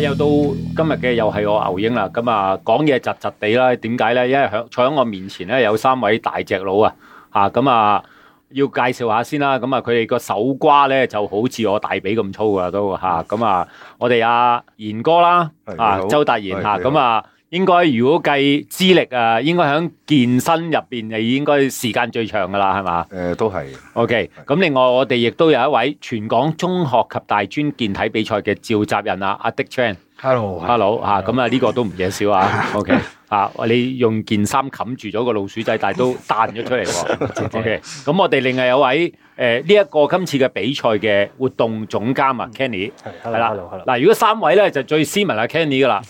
又到今日嘅又係我牛英啦，咁啊講嘢窒窒地啦，點解呢？因為響坐喺我面前呢，有三位大隻佬啊，吓咁啊，啊要介紹下先啦，咁啊佢哋個手瓜呢，就好似我大髀咁粗噶都吓，咁啊，啊我哋阿賢哥啦，啊周達賢吓，咁啊。應該如果計資歷啊，應該喺健身入邊就應該時間最長噶啦，係嘛？誒、呃，都係。O K，咁另外我哋亦都有一位全港中學及大專健體比賽嘅召集人啊，阿 Dick Chan。Hello，Hello，吓，咁啊呢、這個都唔惹少啊。O K。啊！你用件衫冚住咗個老鼠仔，但係都彈咗出嚟喎。 O.K. 咁我哋另外有位誒呢一個今次嘅比賽嘅活動總監啊 Kenny 係啦，嗱，如果三位咧就最斯文啊 Kenny 噶啦，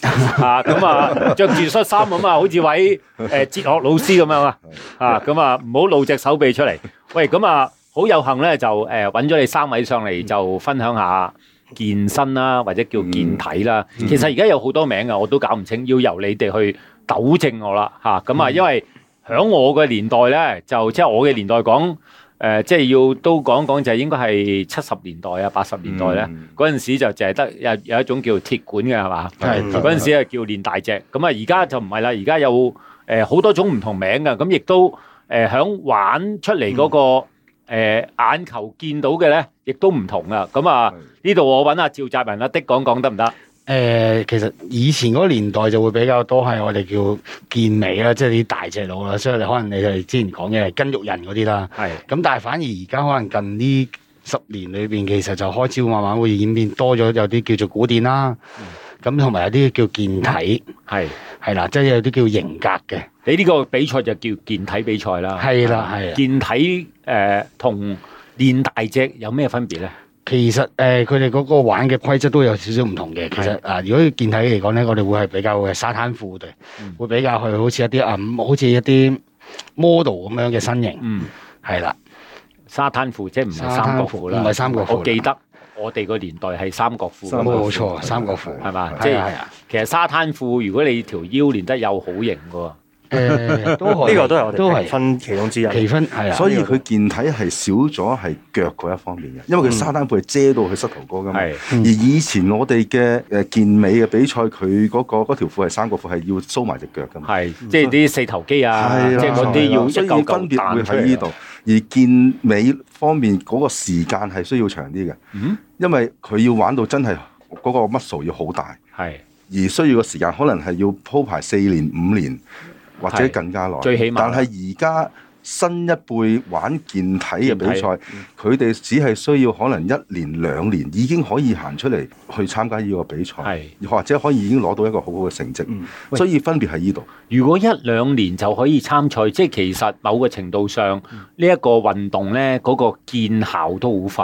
啊咁啊着住恤衫咁啊，好似位誒、呃、哲學老師咁樣啊，啊咁啊唔好露隻手臂出嚟。喂，咁啊好有幸咧就誒揾咗你三位上嚟就分享下健身啦，或者叫健體啦。嗯、其實而家有好多名啊，我都搞唔清，要由你哋去。糾正我啦，吓咁啊，因為響我嘅年代咧，就即係我嘅年代講，誒、呃，即係要都講講就係應該係七十年代啊，八十年代咧，嗰陣、嗯、時就淨係得有有一種叫鐵管嘅係嘛，係嗰陣時係叫練大隻。咁啊而家就唔係啦，而家有誒好、呃、多種唔同名嘅，咁、啊、亦都誒響、呃、玩出嚟嗰、那個誒、呃、眼球見到嘅咧，亦都唔同噶，咁啊呢度、啊、是的 我搵阿趙澤文啊的講講得唔得？說一說一說說誒、呃，其實以前嗰年代就會比較多係我哋叫健美啦，即係啲大隻佬啦，所以可能你哋之前講嘅係筋肉人嗰啲啦。係的。咁但係反而而家可能近呢十年裏邊，其實就開始慢慢會演變多咗有啲叫做古典啦，咁同埋有啲叫健體。係係啦，即係、就是、有啲叫型格嘅。你呢個比賽就叫健體比賽啦。係啦，係。健體誒，同、呃、練大隻有咩分別咧？其實誒，佢哋嗰個玩嘅規則都有少少唔同嘅。其實啊，如果健體嚟講咧，我哋會係比較嘅沙灘褲對，會比較去好似一啲啊，好似一啲 model 咁樣嘅身形。嗯，係啦，沙灘褲即係唔係三角褲啦，唔係三角褲。我記得我哋個年代係三角褲，冇錯，三角褲係嘛？即係啊，其實沙灘褲如果你條腰練得又好型㗎喎。誒，呢個都係我哋都係分其中之一，所以佢健體係少咗係腳嗰一方面嘅，因為佢沙灘褲係遮到佢膝頭哥噶嘛。而以前我哋嘅誒健美嘅比賽，佢嗰個嗰條褲係三角褲，係要 show 埋隻腳噶嘛。係，即係啲四頭肌啊，即係嗰啲要，需要分別會喺呢度。而健美方面嗰個時間係需要長啲嘅，因為佢要玩到真係嗰個 muscle 要好大，係而需要嘅時間可能係要鋪排四年五年。或者更加耐，最起碼，但係而家新一輩玩健體嘅比賽，佢哋只係需要可能一年兩年已經可以行出嚟去參加呢個比賽，或者可以已經攞到一個好好嘅成績，所以分別喺呢度。如果一兩年就可以參賽，即係其實某個程度上呢一個運動呢嗰個見效都好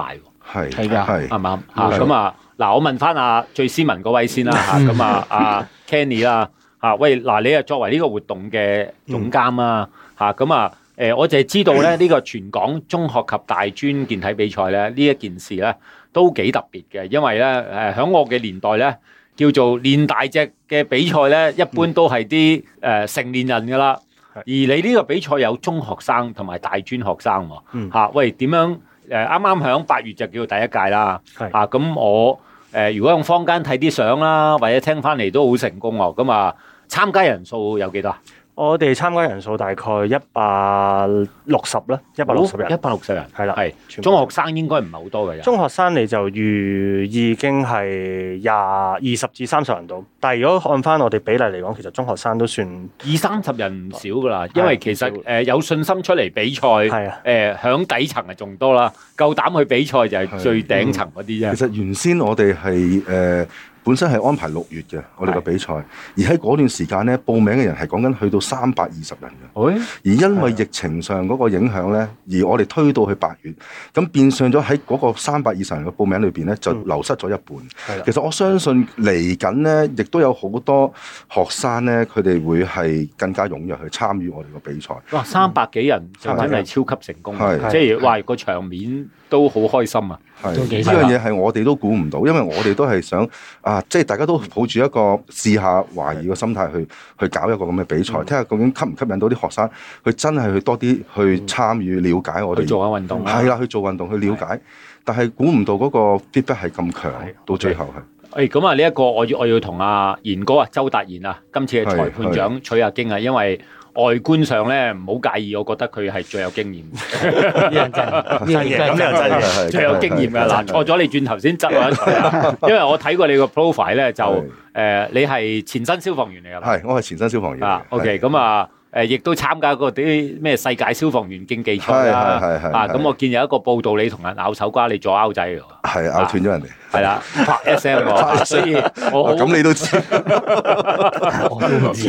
快，係，係啱。係咁啊，嗱，我問翻阿最斯文嗰位先啦嚇，咁啊，阿 Kenny 啦。啊喂，嗱你啊，作為呢個活動嘅總監啊，嚇咁、嗯、啊，誒、呃、我就係知道咧，呢、這個全港中學及大專健體比賽咧，呢一件事咧都幾特別嘅，因為咧誒響我嘅年代咧，叫做練大隻嘅比賽咧，一般都係啲誒成年人㗎啦，是而你呢個比賽有中學生同埋大專學生喎、啊，喂點樣誒啱啱響八月就叫第一屆啦，嚇咁我誒如果用坊間睇啲相啦，或者聽翻嚟都好成功咁啊～參加人數有幾多啊？我哋參加人數大概一百六十啦，一百六十人，一百六十人，係啦了，係。中學生應該唔係好多嘅人。中學生你就預已經係廿二十至三十人度，但係如果按翻我哋比例嚟講，其實中學生都算二三十人唔少噶啦。對因為其實誒有信心出嚟比賽，誒響對、呃、底層係仲多啦，夠膽去比賽就係最頂層嗰啲啫。其實原先我哋係誒。呃本身係安排六月嘅，我哋個比賽，而喺嗰段時間呢，報名嘅人係講緊去到三百二十人嘅。而因為疫情上嗰個影響呢，而我哋推到去八月，咁變相咗喺嗰個三百二十人嘅報名裏邊呢，就流失咗一半。其實我相信嚟緊呢，亦都有好多學生呢，佢哋會係更加踴躍去參與我哋個比賽。哇！三百幾人就真係超級成功，即係話個場面。都好開心啊！呢樣嘢係我哋都估唔到，因為我哋都係想啊，即係大家都抱住一個試下懷疑嘅心態去去搞一個咁嘅比賽，睇下究竟吸唔吸引到啲學生去真係去多啲去參與了解我哋做下運動啊！係啦，去做運動,、啊、去,做運動去了解，的但係估唔到嗰個 feedback 係咁強，的到最後係。誒咁啊！呢一個我要我要同阿賢哥啊，周達賢啊，今次嘅裁判長取下經啊，因為。外觀上咧，唔好介意。我覺得佢係最有經驗， 呢樣真嘢，咁呢樣真嘢，最有經驗㗎。嗱，錯咗你轉頭先執啊！因為我睇過你個 profile 咧，就誒是是、呃，你係前身消防員嚟㗎。係，我係前身消防員。啊，OK，咁啊的。那誒，亦都參加過啲咩世界消防員競技賽啦。係係啊，咁我見有一個報道，你同人拗手瓜，你左拗仔喎。係啊，拗斷咗人哋。係啦，拍 S M 喎。所以我咁你都知，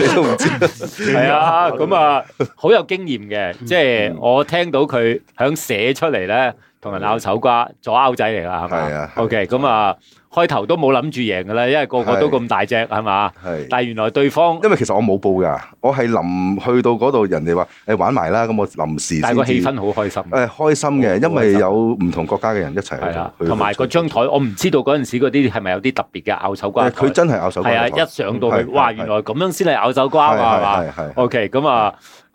你都唔知。係啊，咁啊，好有經驗嘅。即係我聽到佢響寫出嚟咧，同人拗手瓜，左拗仔嚟啦，係嘛？係啊。O K，咁啊。開頭都冇諗住贏噶啦，因為個個都咁大隻，係嘛？係。但係原來對方因為其實我冇報噶，我係臨去到嗰度，人哋話誒玩埋啦，咁我臨時。但係個氣氛好開心。誒，開心嘅，因為有唔同國家嘅人一齊。去。同埋嗰張台，我唔知道嗰陣時嗰啲係咪有啲特別嘅拗手瓜。佢真係拗手瓜。係啊，一上到去，哇！原來咁樣先係拗手瓜嘛？係嘛？OK，咁啊，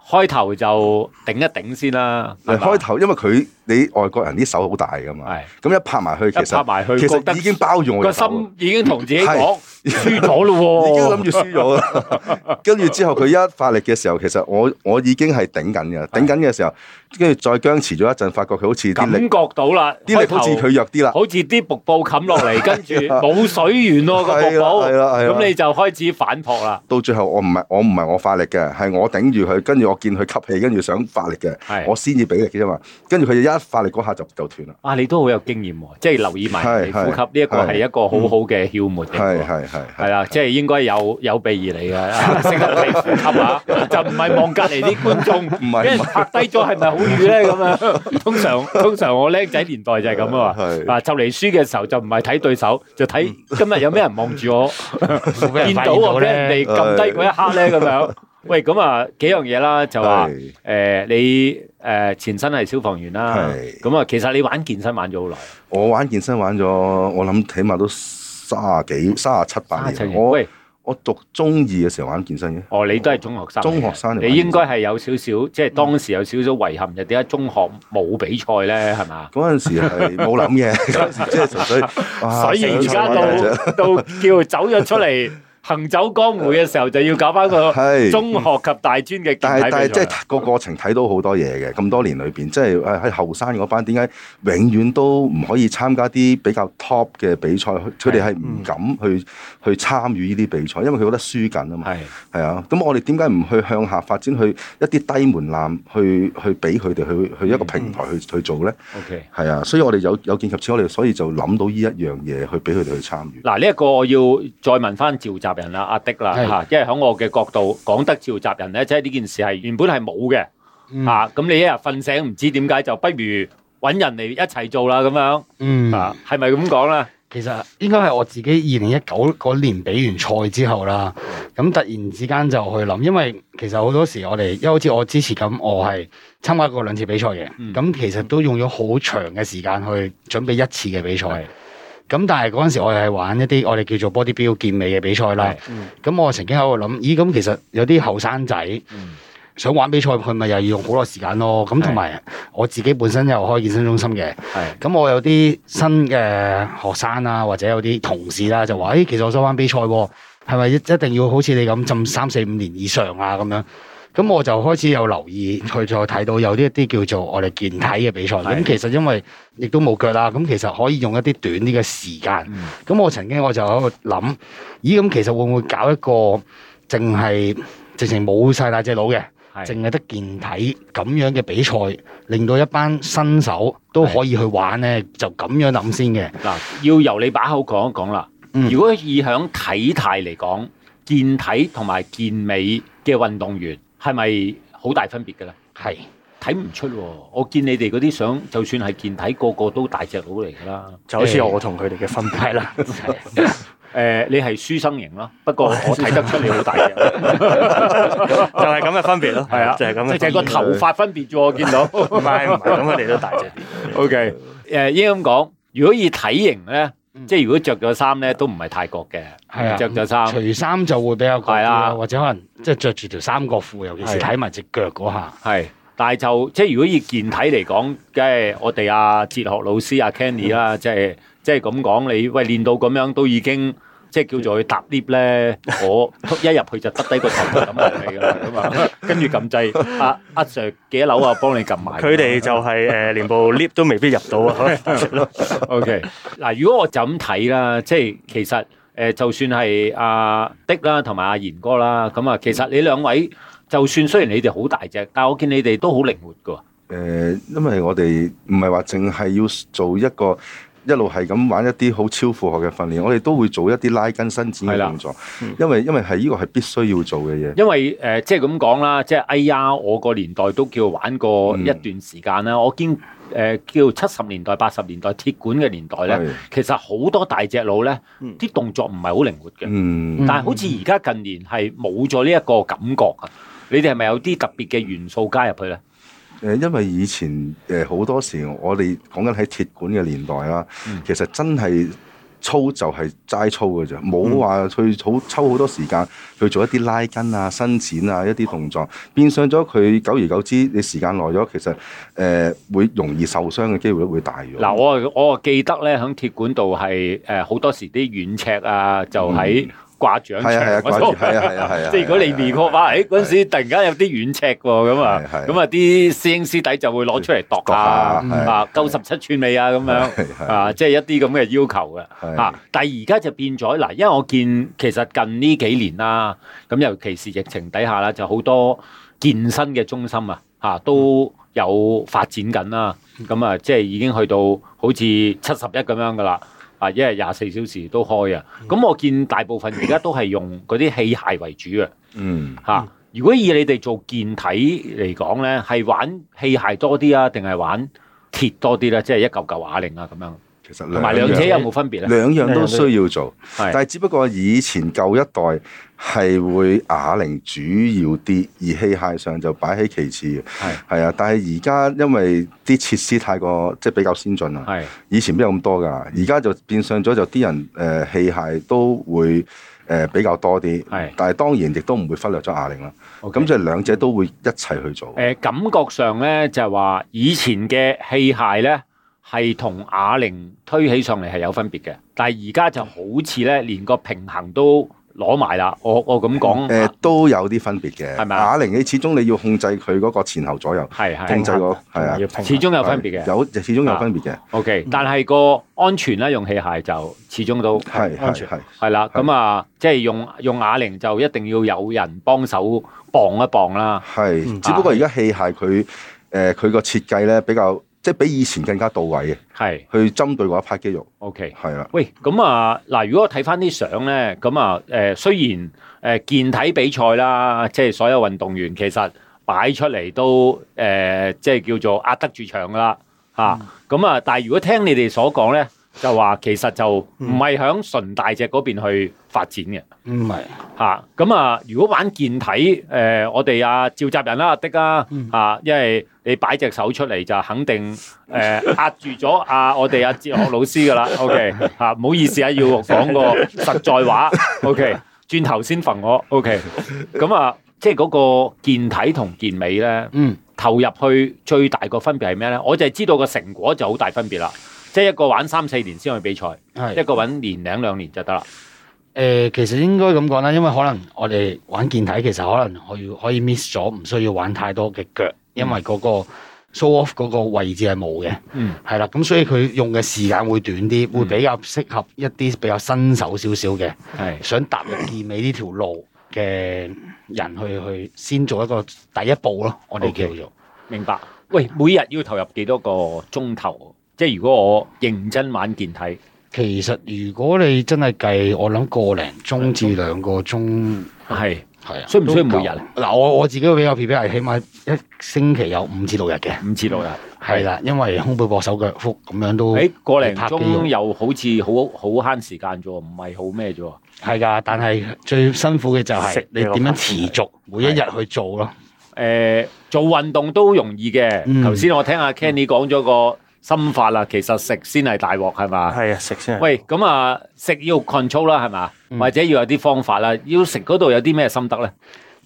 開頭就頂一頂先啦。誒，開頭因為佢。你外國人啲手好大噶嘛？係咁一拍埋去，其實拍埋去，其實已經包容我個心，已經同自己講輸咗咯喎，諗住輸咗。跟住之後佢一發力嘅時候，其實我我已經係頂緊嘅，頂緊嘅時候，跟住再僵持咗一陣，發覺佢好似感覺到啦，啲力好似佢弱啲啦，好似啲瀑布冚落嚟，跟住冇水源咯個瀑布，係啦，係咁你就開始反撲啦。到最後我唔係我唔係我發力嘅，係我頂住佢，跟住我見佢吸氣，跟住想發力嘅，我先至俾力啫嘛，跟住佢一。發力嗰下就就斷啦！啊，你都好有經驗喎，即係留意埋你呼吸呢一個係一個好好嘅竅門。係係係，係啦，即係應該有有備而嚟嘅。識得睇呼吸啊，就唔係望隔離啲觀眾俾人拍低咗係咪好瘀咧？咁樣通常通常我僆仔年代就係咁啊，啊就嚟輸嘅時候就唔係睇對手，就睇今日有咩人望住我，見到我俾人哋撳低嗰一刻咧，咁樣。喂，咁啊，幾樣嘢啦，就係誒係、呃、你誒、呃、前身係消防員啦，咁啊係，其實你玩健身玩咗好耐。我玩健身玩咗，我諗起碼都卅幾卅七八年。年，喂，我我讀中二嘅時候玩健身嘅。哦，你都係中學生。中學生嚟，你應該係有少少，即係當時有少少遺憾，就點解中學冇比賽咧？係嘛？嗰陣時係冇諗嘅，即係純粹，所以而家到到，到叫走咗出嚟。 行走江湖嘅時候就要搞翻個中學及大專嘅， 但係但係即係個過程睇到好多嘢嘅。咁多年裏邊，即係喺後生嗰班點解永遠都唔可以參加啲比較 top 嘅比賽？佢哋係唔敢去、嗯、去參與呢啲比賽，因為佢覺得輸緊啊嘛。係係是啊，咁我哋點解唔去向下發展，去一啲低門檻去去俾佢哋去去一個平台去去做咧、嗯、？OK，係啊，所以我哋有有見及此，我哋所以就諗到呢一樣嘢去俾佢哋去參與。嗱呢一個我要再問翻召集,集。人啦、啊，阿 Dick 啦嚇，是因為喺我嘅角度講，講得召集人咧，即係呢件事係原本係冇嘅嚇，咁、嗯啊、你一日瞓醒唔知點解，就不如揾人嚟一齊做啦咁樣。嗯，係咪咁講啦？是是其實應該係我自己二零一九年比完賽之後啦，咁突然之間就去諗，因為其實好多時我哋，因為好似我之前咁，我係參加過兩次比賽嘅，咁、嗯、其實都用咗好長嘅時間去準備一次嘅比賽。嗯咁但係嗰陣時我又係玩一啲我哋叫做 bodybuilding 健美嘅比賽啦。咁、嗯、我曾經喺度諗，咦，咁其實有啲後生仔想玩比賽，佢咪又要用好多時間咯？咁同埋我自己本身又開健身中心嘅。咁係我有啲新嘅學生啊，或者有啲同事啦，就話：，誒，其實我想玩比賽，係咪一一定要好似你咁浸三四五年以上啊？咁樣？咁我就開始有留意，佢再睇到有呢一啲叫做我哋健體嘅比賽。咁的其實因為亦都冇腳啦，咁其實可以用一啲短啲嘅時間。咁、嗯、我曾經我就喺度諗，咦？咁其實會唔會搞一個淨係直情冇曬大隻佬嘅，淨係的得健體咁樣嘅比賽，令到一班新手都可以去玩呢？的就咁樣諗先嘅。嗱，要由你把口講一講啦。如果以響體態嚟講，健體同埋健美嘅運動員。係咪好大分別嘅咧？係睇唔出喎，我見你哋嗰啲相，就算係健體，個個都大隻佬嚟噶啦，就好似我同佢哋嘅分別啦。誒、欸 呃，你係書生型咯，不過我睇得出你好大隻， 就係咁嘅分別咯。係啊了，就係咁，就係個頭髮分別啫。 我見到唔係唔係咁佢哋都大隻。OK，誒、呃、應該咁講，如果以體型咧。即係如果着咗衫咧，都唔係泰國嘅，係啊的，著咗衫除衫就會比較貴，係啦的，或者可能即係着住條三角褲，尤其是睇埋隻腳嗰下，係。但係就即係如果以健體嚟講，即係我哋阿、啊、哲學老師阿、啊、Kenny 啦、啊，即係即係咁講，你喂練到咁樣都已經。即係叫做去搭 lift 咧，我一入去就屈低個頭去撳落嚟㗎啦，咁啊，跟住撳掣，阿阿 sir 幾多樓啊，幫你撳埋。佢哋就係誒連部 lift 都未必入到啊。O K，嗱，如果我就咁睇啦，即係其實誒，就算係阿 Dick 啦，同埋阿賢哥啦，咁啊，其實你兩位就算雖然你哋好大隻，但係我見你哋都好靈活㗎。誒，因為我哋唔係話淨係要做一個。一路係咁玩一啲好超負荷嘅訓練，嗯、我哋都會做一啲拉筋伸展嘅動作，嗯、因為因為係呢個係必須要做嘅嘢。因為誒、呃，即係咁講啦，即係哎呀，我個年代都叫玩過一段時間啦。嗯、我見誒、呃、叫七十年代、八十年代鐵管嘅年代咧，的其實好多大隻佬咧啲、嗯、動作唔係好靈活嘅。嗯、但係好似而家近年係冇咗呢一個感覺啊！你哋係咪有啲特別嘅元素加入去咧？誒，因為以前誒好、呃、多時，我哋講緊喺鐵館嘅年代啦，嗯、其實真係操就係齋操嘅啫，冇話、嗯、去好抽好多時間去做一啲拉筋啊、伸展啊一啲動作，變相咗佢久而久之，你時間耐咗，其實誒、呃、會容易受傷嘅機會會大咗。嗱，我我記得咧，喺鐵館度係誒好多時啲軟尺啊，就喺、嗯。掛獎場，即係如果你微波翻，誒嗰陣時突然間有啲軟尺喎，咁啊，咁啊啲師兄師弟就會攞出嚟度架啊，夠十七吋未啊？咁樣啊，即係一啲咁嘅要求嘅嚇小。但係而家就變咗嗱，因為我見其實近呢幾年啦，咁尤其是疫情底下啦，就好多健身嘅中心啊嚇都有發展緊啦。咁啊，即係已經去到好似七十一咁樣噶啦。啊，一係廿四小時都開啊！咁、mm hmm. 我見大部分而家都係用嗰啲器械為主啊，嗯嚇、mm。Hmm. 如果以你哋做健體嚟講咧，係玩器械多啲啊，定係玩鐵多啲咧？即、就、係、是、一嚿嚿啞鈴啊咁樣。其實兩,兩者有冇分別咧？兩樣都需要做，但係只不過以前舊一代係會啞鈴主要啲，而器械上就擺喺其次嘅。係是，係啊。但係而家因為啲設施太過即係比較先進啦。係是，以前邊有咁多㗎？而家就變相咗就啲人誒器械都會誒比較多啲。係是，但係當然亦都唔會忽略咗啞鈴啦。咁即係兩者都會一齊去做。誒、呃，感覺上咧就係、是、話以前嘅器械咧。係同啞鈴推起上嚟係有分別嘅，但係而家就好似咧，連個平衡都攞埋啦。我我咁講，誒、嗯呃，都有啲分別嘅，係嘛吧？啞鈴你始終你要控制佢嗰個前後左右，係係控制係啊，要始終有分別嘅，有是始終有分別嘅。OK，但係個安全咧，用器械就始終都係安全係啦。咁啊，即係用用啞鈴就一定要有人幫手磅一磅啦。係的，只不過而家器械佢誒，佢個設計咧比較。即係比以前更加到位嘅，係去針對嗰一拍肌肉。OK，係啦。喂，咁啊，嗱，如果睇翻啲相咧，咁啊，誒，雖然誒健體比賽啦，即係所有運動員其實擺出嚟都誒，即係叫做壓得住場㗎啦，嚇。咁啊，但係如果聽你哋所講咧。就話其實就唔係響純大隻嗰邊去發展嘅，唔係吓咁啊！如果玩健體誒、呃，我哋阿、啊、召集人啦、啊，的啦吓，因為你擺隻手出嚟就肯定誒壓、呃、住咗阿、啊、我哋阿、啊、哲學老師噶啦。 OK 吓、啊，唔好意思啊，要講個實在話。OK，轉頭先焚我。OK，咁啊，即係嗰個健體同健美咧，嗯，投入去最大個分別係咩咧？我就係知道個成果就好大分別啦。即係一個玩三四年先去比賽，是一個玩年零兩年就得啦。誒、呃，其實應該咁講啦，因為可能我哋玩健體，其實可能可以可以 miss 咗，唔需要玩太多嘅腳，因為嗰個 show off 嗰個位置係冇嘅。嗯，係啦，咁所以佢用嘅時間會短啲，會比較適合一啲比較新手少少嘅，係、嗯、的想踏入健美呢條路嘅人去去 先做一個第一步咯。我哋叫做 okay，明白。喂，每日要投入幾多個鐘頭？即係如果我認真玩健體，其實如果你真係計，我諗個零鐘至兩個鐘係係啊，需唔需要每日？嗱，我我自己都比較皮皮，係起碼一星期有五至六日嘅，五至六日係啦，因為胸背膊手腳腹咁樣都誒，個零鐘又好似好好慳時間啫，唔係好咩啫，係噶。但係最辛苦嘅就係你點樣持續每一日去做咯。誒，做運動都容易嘅。頭先我聽阿 Kenny 講咗個。心法啦，其實食先係大鑊係嘛？係啊，食先。喂，咁啊，食要 control 啦，係嘛？或者要有啲方法啦，要食嗰度有啲咩心得咧？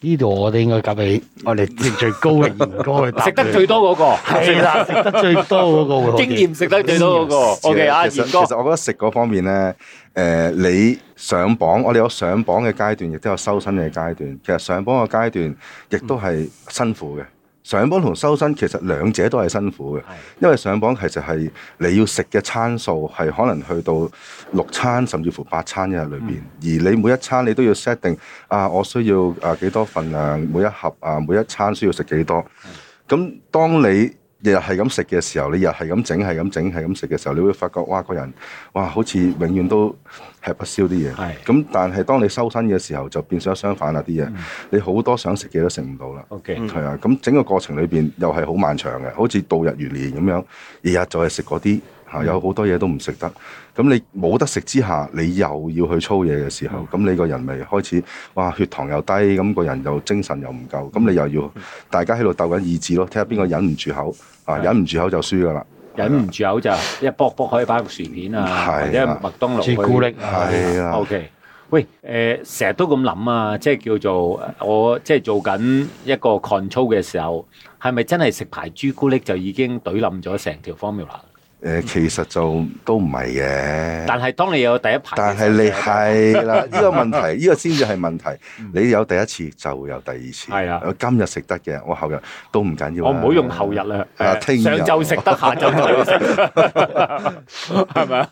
呢度我哋應該夾俾我哋年最高嘅賢哥去答。食得最多嗰個係啦，食得最多嗰個經驗食得最多嗰個。O.K. 啊，賢哥。其實我覺得食嗰方面咧，誒，你上磅，我哋有上磅嘅階段，亦都有修身嘅階段。其實上磅嘅階段亦都係辛苦嘅。上磅同修身其實兩者都係辛苦嘅。的因為上磅其實係你要食嘅餐數係可能去到六餐，甚至乎八餐一日裏邊，嗯、而你每一餐你都要 set 定啊，我需要啊幾多份量，每一盒啊每一餐需要食幾多，咁的當你日日係咁食嘅時候，你日係咁整，係咁整，係咁食嘅時候，你會發覺哇，個人哇好似永遠都吃不消啲嘢。係的，咁但係當你收身嘅時候，就變相相反啦啲嘢。嗯、你好多想食嘅都食唔到啦。OK，係啊。咁整個過程裏邊又係好漫長嘅，好似度日如年咁樣。日日就係食嗰啲。有好多嘢都唔食得，咁你冇得食之下，你又要去操嘢嘅時候，咁、嗯、你個人咪開始哇血糖又低，咁、那個人又精神又唔夠，咁你又要、嗯、大家喺度鬥緊意志咯，睇下邊個忍唔住口的啊！忍唔住口就輸噶啦，忍唔住口就一卜卜可以擺個薯片啊，的或者麥當勞朱古力，係啊。OK，喂誒，成、呃、日都咁諗啊，即係叫做我即係做緊一個抗操嘅時候，係咪真係食排朱古力就已經懟冧咗成條 formula？誒其實就都唔係嘅，但係當你有第一排，但係你係啦，呢個問題，呢個先至係問題。你有第一次就有第二次，係啊，今日食得嘅，我後日都唔緊要，我唔好用後日啦，上晝食得，下晝再食，係咪啊？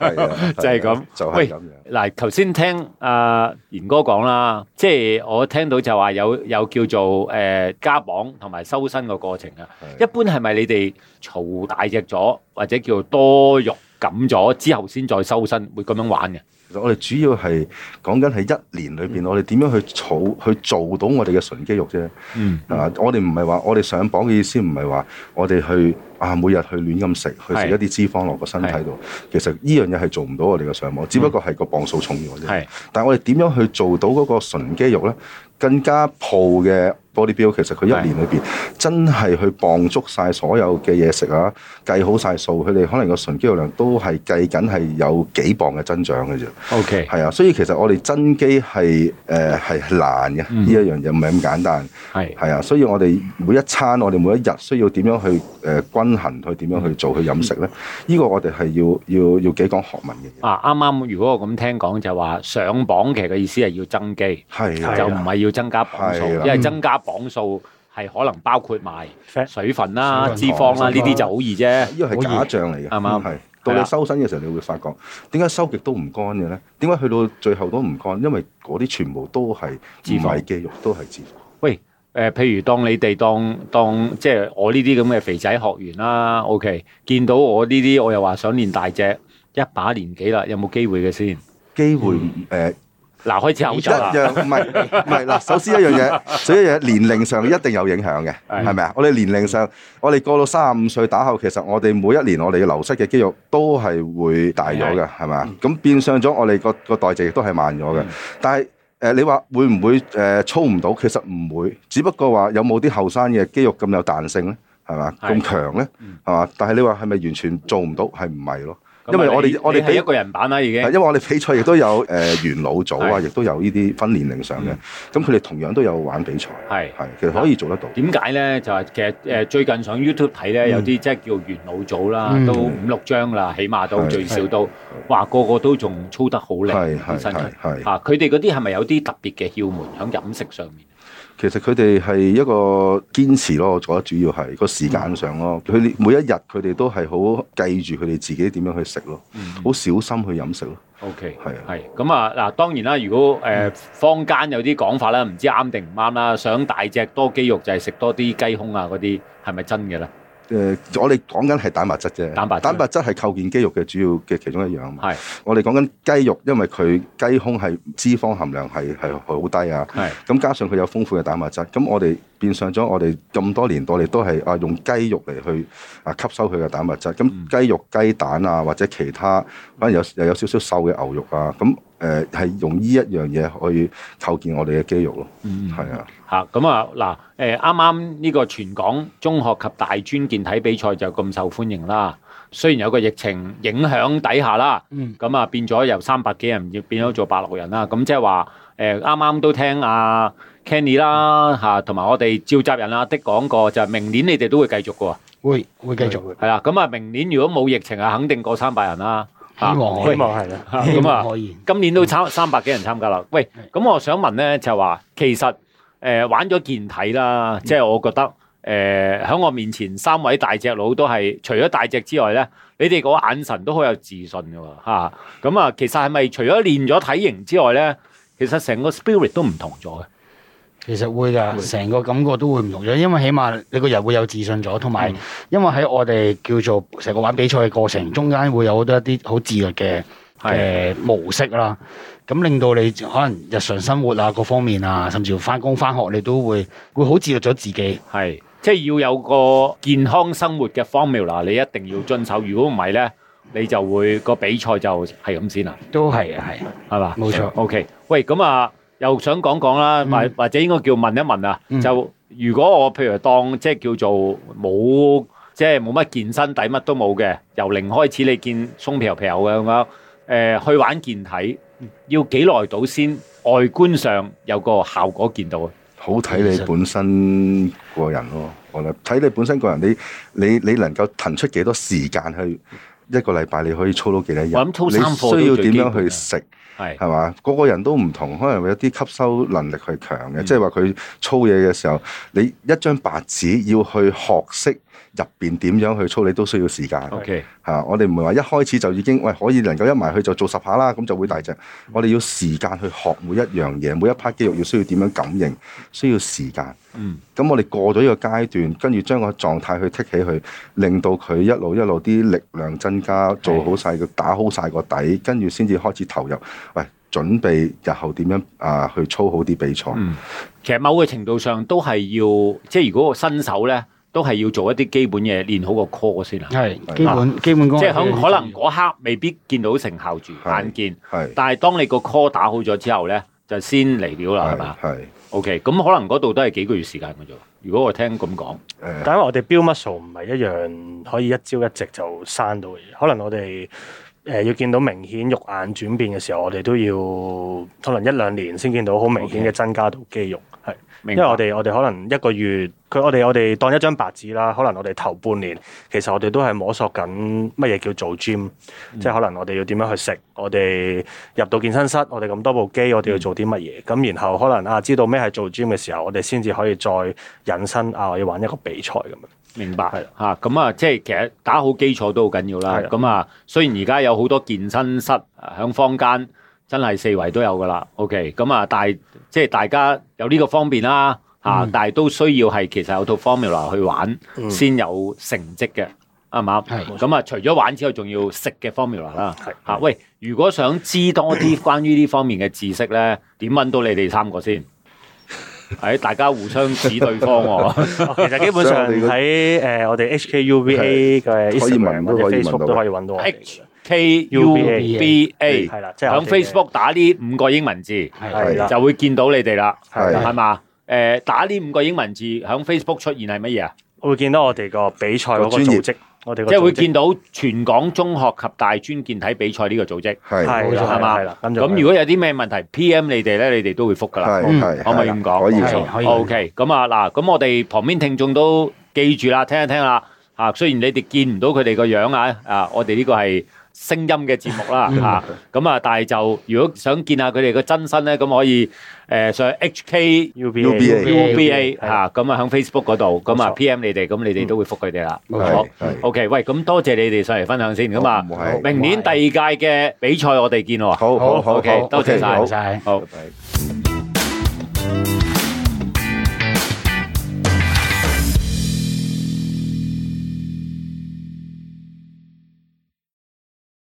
就係咁，就係咁樣。嗱，頭先聽阿賢哥講啦，即係我聽到就話有有叫做誒加磅同埋修身個過程啊。一般係咪你哋操大隻咗或者叫多肉減咗之後，先再收身，會咁樣玩嘅。其實我哋主要係講緊係一年裏邊，嗯、我哋點樣去儲去做到我哋嘅純肌肉啫。嗯、uh，啊，我哋唔係話，我哋上磅嘅意思唔係話我哋去啊，每日去亂咁食，去食一啲脂肪落個身體度。是其實呢樣嘢係做唔到我哋嘅上磅，嗯、只不過係個磅數重咗。啫是。係，但係我哋點樣去做到嗰個純肌肉咧？更加鋪嘅。Bodybuilding 其實佢一年裏邊真係去磅足晒所有嘅嘢食啊，計好晒數，佢哋可能個純肌肉量都係計緊係有幾磅嘅增長嘅啫。O K，係啊，所以其實我哋增肌係誒係難嘅，呢一樣嘢唔係咁簡單。係係、嗯、啊，所以我哋每一餐，我哋每一日需要點樣去誒均衡去點樣去做去飲食咧？呢、這個我哋係要要要幾講學問嘅嘢。啊，啱啱如果我咁聽講就話上磅期嘅意思係要增肌，係就唔係要增加磅數，的因為增加磅。磅數係可能包括埋水分啦、脂肪啦，呢啲糖就好易啫。呢個係假象嚟嘅，係嘛？係吧到你收身嘅時候，你會發覺點解吧收極都唔乾嘅咧？點解去到最後都唔乾？因為嗰啲全部都係脂肪，肌肉都係脂肪。喂，誒、呃，譬如當你哋當當即係我呢啲咁嘅肥仔學員啦，OK，見到我呢啲，我又話想練大隻，一把年紀啦，有冇機會嘅先？機會誒。嗱，開始好早啊！一樣唔係唔係，嗱，首先一樣嘢，首先一樣嘢，年齡上一定有影響嘅，係咪啊？我哋年齡上，我哋過到三十五歲打後，其實我哋每一年我哋要流失嘅肌肉都係會大咗嘅，係咪啊？咁變相咗我哋個個代謝亦都係慢咗嘅。但係誒，你話會唔會誒操唔到？其實唔會，只不過話有冇啲後生嘅肌肉咁有彈性咧，係嘛？咁強咧，係嘛？但係你話係咪完全做唔到？係唔係咯？因為我哋我哋係一個人版啦，已經。因為我哋比賽亦都有誒、呃、元老組啊，亦 都有呢啲分年齡上嘅，咁佢哋同樣都有玩比賽，係係 是其實可以做得到。點解咧？就係其實誒、呃、最近上 YouTube 睇咧，有啲即係叫元老組啦，嗯、都五六張啦，起碼都最少都話個個都仲操得好靚啲身體。嚇，佢哋嗰啲係咪有啲特別嘅竅門喺飲食上面？其實佢哋係一個堅持咯，我覺得主要係個時間上咯。佢、嗯、每一日佢哋都係好記住佢哋自己點樣去食咯，好、嗯、小心去飲食咯。OK，係係咁啊！嗱，當然啦，如果誒、呃、坊間有啲講法啦，唔知啱定唔啱啦。想大隻多肌肉就係食多啲雞胸啊嗰啲，係咪真嘅咧？誒、呃，我哋講緊係蛋白質啫。蛋白質，蛋白質係構建肌肉嘅主要嘅其中一樣啊。是我哋講緊雞肉，因為佢雞胸係脂肪含量係係好低啊。係是，咁加上佢有豐富嘅蛋白質，咁我哋變相咗我哋咁多年代，我哋都係啊用雞肉嚟去啊吸收佢嘅蛋白質。咁雞肉、雞蛋啊，或者其他反而，可能有又有少少瘦嘅牛肉啊，咁。誒係用呢一樣嘢去構建我哋嘅肌肉咯，係、嗯嗯、啊，嚇咁啊嗱誒，啱啱呢個全港中學及大專健體比賽就咁受歡迎啦。雖然有個疫情影響底下啦，咁、嗯、啊變咗由三百幾人變咗做百六人啦。咁即係話誒啱啱都聽阿、啊、Kenny 啦嚇，同埋、嗯啊、我哋召集人阿 Dick 講過，就係、是、明年你哋都會繼續嘅喎，會會繼續係啦。咁啊、嗯、明年如果冇疫情係肯定過三百人啦。啊、希望係啦，咁啊，啊今年都差三百幾人參加啦。 喂，咁我想問咧，就話、係、其實誒、呃、玩咗健體啦，嗯、即係我覺得誒喺、呃、我面前三位大隻佬都係除咗大隻之外咧，你哋個眼神都好有自信㗎喎，嚇，咁啊，啊，其實係咪除咗練咗體型之外咧，其實成個 spirit 都唔同咗嘅？其實會噶，成的個感覺都會唔同咗，因為起碼你個人會有自信咗，同埋、嗯、因為喺我哋叫做成個玩比賽嘅過程中間會有好多一啲好自律嘅嘅模式啦，咁令到你可能日常生活啊各方面啊，甚至乎返工返學你都會會好自律咗自己。係，即係要有個健康生活嘅 formula 嗱，你一定要遵守，如果唔係呢，你就會、那個比賽就係咁先啦。都係啊，係啊，係嘛，冇錯。OK，喂，咁啊。又想講講啦，或或者應該叫問一問啊？嗯、就如果我譬如當即叫做冇即係冇乜健身底，乜都冇嘅，由零開始你見鬆皮油皮油嘅咁樣，誒、呃、去玩健體，要幾耐到先外觀上有個效果見到？好睇你本身個人咯、哦，我覺得睇你本身個人，你你你能夠騰出幾多時間去？一個禮拜你可以操到幾多日？你需要點樣去食？係嘛？個吧個人都唔同，可能會有啲吸收能力係強嘅，的即係話佢操嘢嘅時候，嗯、你一張白紙要去學識。入邊點樣去操你都需要時間，嚇 Okay.、啊！我哋唔係話一開始就已經喂可以能夠一埋去就做十下啦，咁就會大隻。我哋要時間去學每一樣嘢，每一 part 肌肉要需要點樣感應，需要時間。嗯，咁我哋過咗呢個階段，跟住將個狀態去剔起去，令到佢一路一路啲力量增加，做好晒，個的打好晒個底，跟住先至開始投入。喂、哎，準備日後點樣啊，去操好啲比賽。嗯，其實某個程度上都係要，即係如果個新手咧，都係要做一啲基本嘢，練好個 core 先啊！係是基本、啊、基本功。即係響可能嗰的刻未必見到成效住，的眼見。的但係當你個 core 打好咗之後呢，就先嚟表啦，係嘛的？係的。O K，咁可能嗰度都係幾個月時間嘅啫。如果我聽咁講，的但係我哋 build muscle 唔係一樣可以一朝一夕就生到。可能我哋誒要見到明顯肉眼轉變嘅時候，我哋都要可能一兩年先見到好明顯嘅增加到肌肉。Okay. 因為我哋我哋可能一個月佢我哋我哋當一張白紙啦，可能我哋頭半年其實我哋都係摸索緊乜嘢叫做 gym，、嗯、即係可能我哋要點樣去食，我哋入到健身室，我哋咁多部機，我哋要做啲乜嘢？咁、嗯、然後可能啊，知道咩係做 gym 嘅時候，我哋先至可以再引申啊，我要玩一個比賽咁樣。明白係吓咁啊，即係其實打好基礎都好緊要啦。咁啊，雖然而家有好多健身室響坊間。真係四圍都有噶啦，OK，咁啊，大即係大家有呢個方便啦，嚇、啊，嗯、但係都需要係其實有套 formula 去玩先、嗯、有成績嘅，啱唔啱？咁啊、哎，除咗玩之後，仲要識嘅 formula 啦，嚇、啊。喂，如果想知多啲關於呢方面嘅知識呢，點揾到你哋三個先？喺、哎、大家互相指對方喎、 哦。其實基本上喺誒、呃、我哋 HKUVA 嘅，可以問都可以揾到。KUBA，係啦，喺 Facebook 打呢五個英文字，係啦，就會見到你哋啦，係嘛？誒，打呢五個英文字喺 Facebook 出現係乜嘢啊？會見到我哋個比賽嗰個組織，我哋即係會見到全港中學及大專健體比賽呢個組織，係冇錯，係嘛？咁如果有啲咩問題，PM 你哋咧，你哋都會覆㗎啦。可唔可以咁講？可以，可以，OK，咁啊嗱，咁我哋旁邊聽眾都記住啦，聽一聽啦。啊，雖然你哋見唔到佢哋個樣啊，啊，我哋呢個係聲音嘅節目啦嚇，咁啊，但係就如果想見下佢哋嘅真身咧，咁可以誒上 HKUBA 嚇，咁啊喺 Facebook 嗰度，咁啊 PM 你哋，咁你哋都會覆佢哋啦。好 OK，喂，咁多謝你哋上嚟分享先，咁啊，明年第二屆嘅比賽我哋見喎。好好 OK，多謝曬，唔該。